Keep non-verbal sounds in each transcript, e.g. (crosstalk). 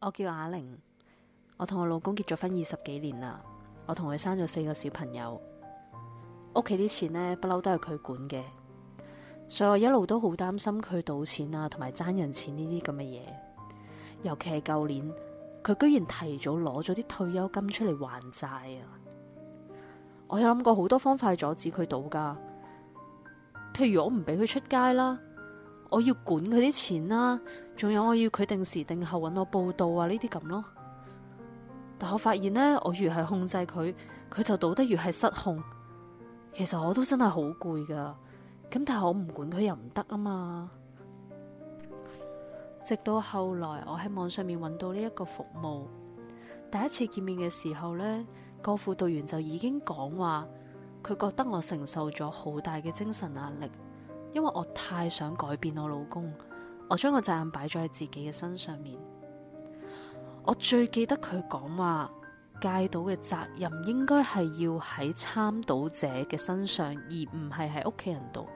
我叫阿玲，我同我老公結咗婚二十幾年啦，我同佢生咗四個小朋友，屋企啲錢呢不嬲都係佢管嘅，所以我一路都好擔心佢賭錢啊，同埋爭人錢呢啲咁嘅嘢。尤其係舊年，佢居然提早攞咗啲退休金出嚟還債啊！我有諗過好多方法阻止佢賭噶，譬如我唔俾佢出街啦，我要管佢啲錢啦。仲有我要佢定時定候搵我報到啊！呢啲咁咯，但我發現呢，我越係控制佢，佢就賭得越係失控。其實我都真係好攰噶，咁但係我唔管佢又唔得啊嘛。直到後來，我喺網上面搵到呢一個服務。第一次見面嘅時候呢，個輔導員就已經講話，佢覺得我承受咗好大嘅精神壓力，因為我太想改變我老公。我將個責任擺咗喺自己嘅身上面，我最記得佢講話，戒賭嘅責任應該係要喺參賭者嘅身上，而唔係喺屋企人度。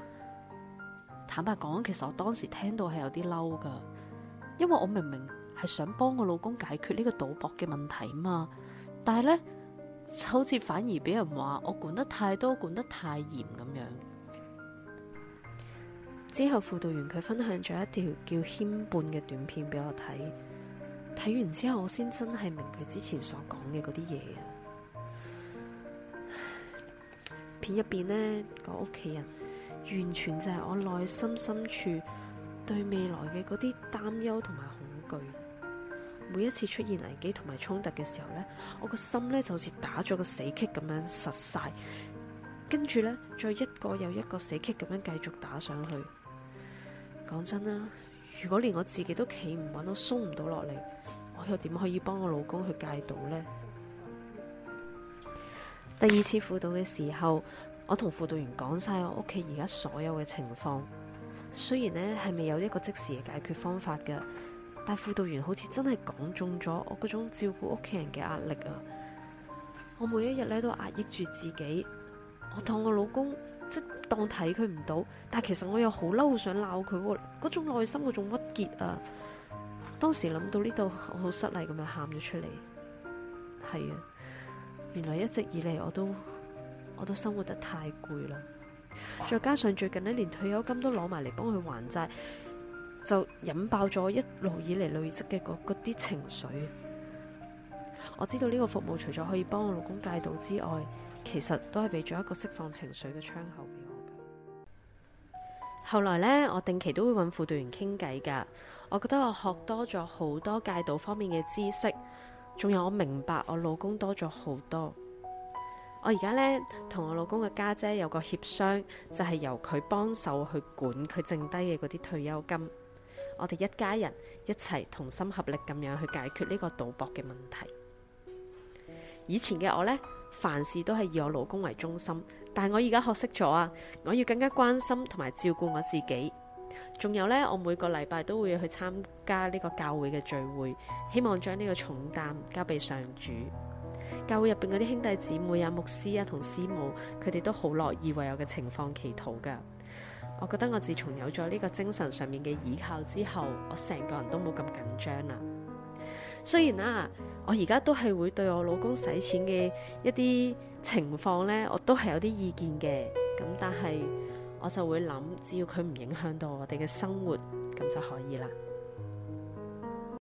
坦白講，其實我當時聽到係有啲嬲噶，因為我明明係想幫我老公解決呢個賭博嘅問題嘛，但係呢好似反而俾人話我管得太多，管得太嚴咁樣。之後輔導員佢分享咗一條叫牽絆嘅短片俾我睇，睇完之後我先真係明佢之前所講嘅嗰啲嘢啊。片入邊呢個屋企人，完全就係我內心深處對未來嘅嗰啲擔憂同埋恐懼。每一次出現危機同埋衝突嘅時候呢，我個心呢就好似打咗個死棘咁樣實晒，跟住呢，再一個又一個死棘咁樣繼續打上去。講真啦，如果連我自己都企唔穩，都鬆唔到落嚟，我又點可以幫我老公去戒賭呢？ (noise) 第二次輔導嘅時候，我同輔導員講晒我屋企而家所有嘅情況。雖然呢係未有一個即時嘅解決方法噶，但係輔導員好似真係講中咗我嗰種照顧屋企人嘅壓力啊！我每一日呢都壓抑住自己，我同我老公。當睇佢唔到，但係其實我又好嬲，好想鬧佢喎。嗰種內心嗰種鬱結啊，當時諗到呢度好失禮咁樣喊咗出嚟，係啊。原來一直以嚟我都我都生活得太攰啦，再加上最近呢連退休金都攞埋嚟幫佢還債，就引爆咗一路以嚟累積嘅嗰啲情緒。我知道呢個服務除咗可以幫我老公戒賭之外，其實都係俾咗一個釋放情緒嘅窗口。後來呢，我定期都會揾輔導員傾偈噶。我覺得我學多咗好多戒賭方面嘅知識，仲有我明白我老公多咗好多。我而家呢，同我老公嘅家姐有個協商，就係由佢幫手去管佢剩低嘅嗰啲退休金。我哋一家人一齊同心合力咁樣去解決呢個賭博嘅問題。以前嘅我呢，凡事都係以我老公為中心。但係我而家學識咗啊！我要更加關心同埋照顧我自己。仲有呢，我每個禮拜都會去參加呢個教會嘅聚會，希望將呢個重擔交俾上主。教會入邊嗰啲兄弟姊妹啊、牧師啊、同師母，佢哋都好樂意為我嘅情況祈禱噶。我覺得我自從有咗呢個精神上面嘅倚靠之後，我成個人都冇咁緊張啦。雖然啊，我而家都係會對我老公使錢嘅一啲情況呢，我都係有啲意見嘅。咁但係我就會諗，只要佢唔影響到我哋嘅生活，咁就可以啦。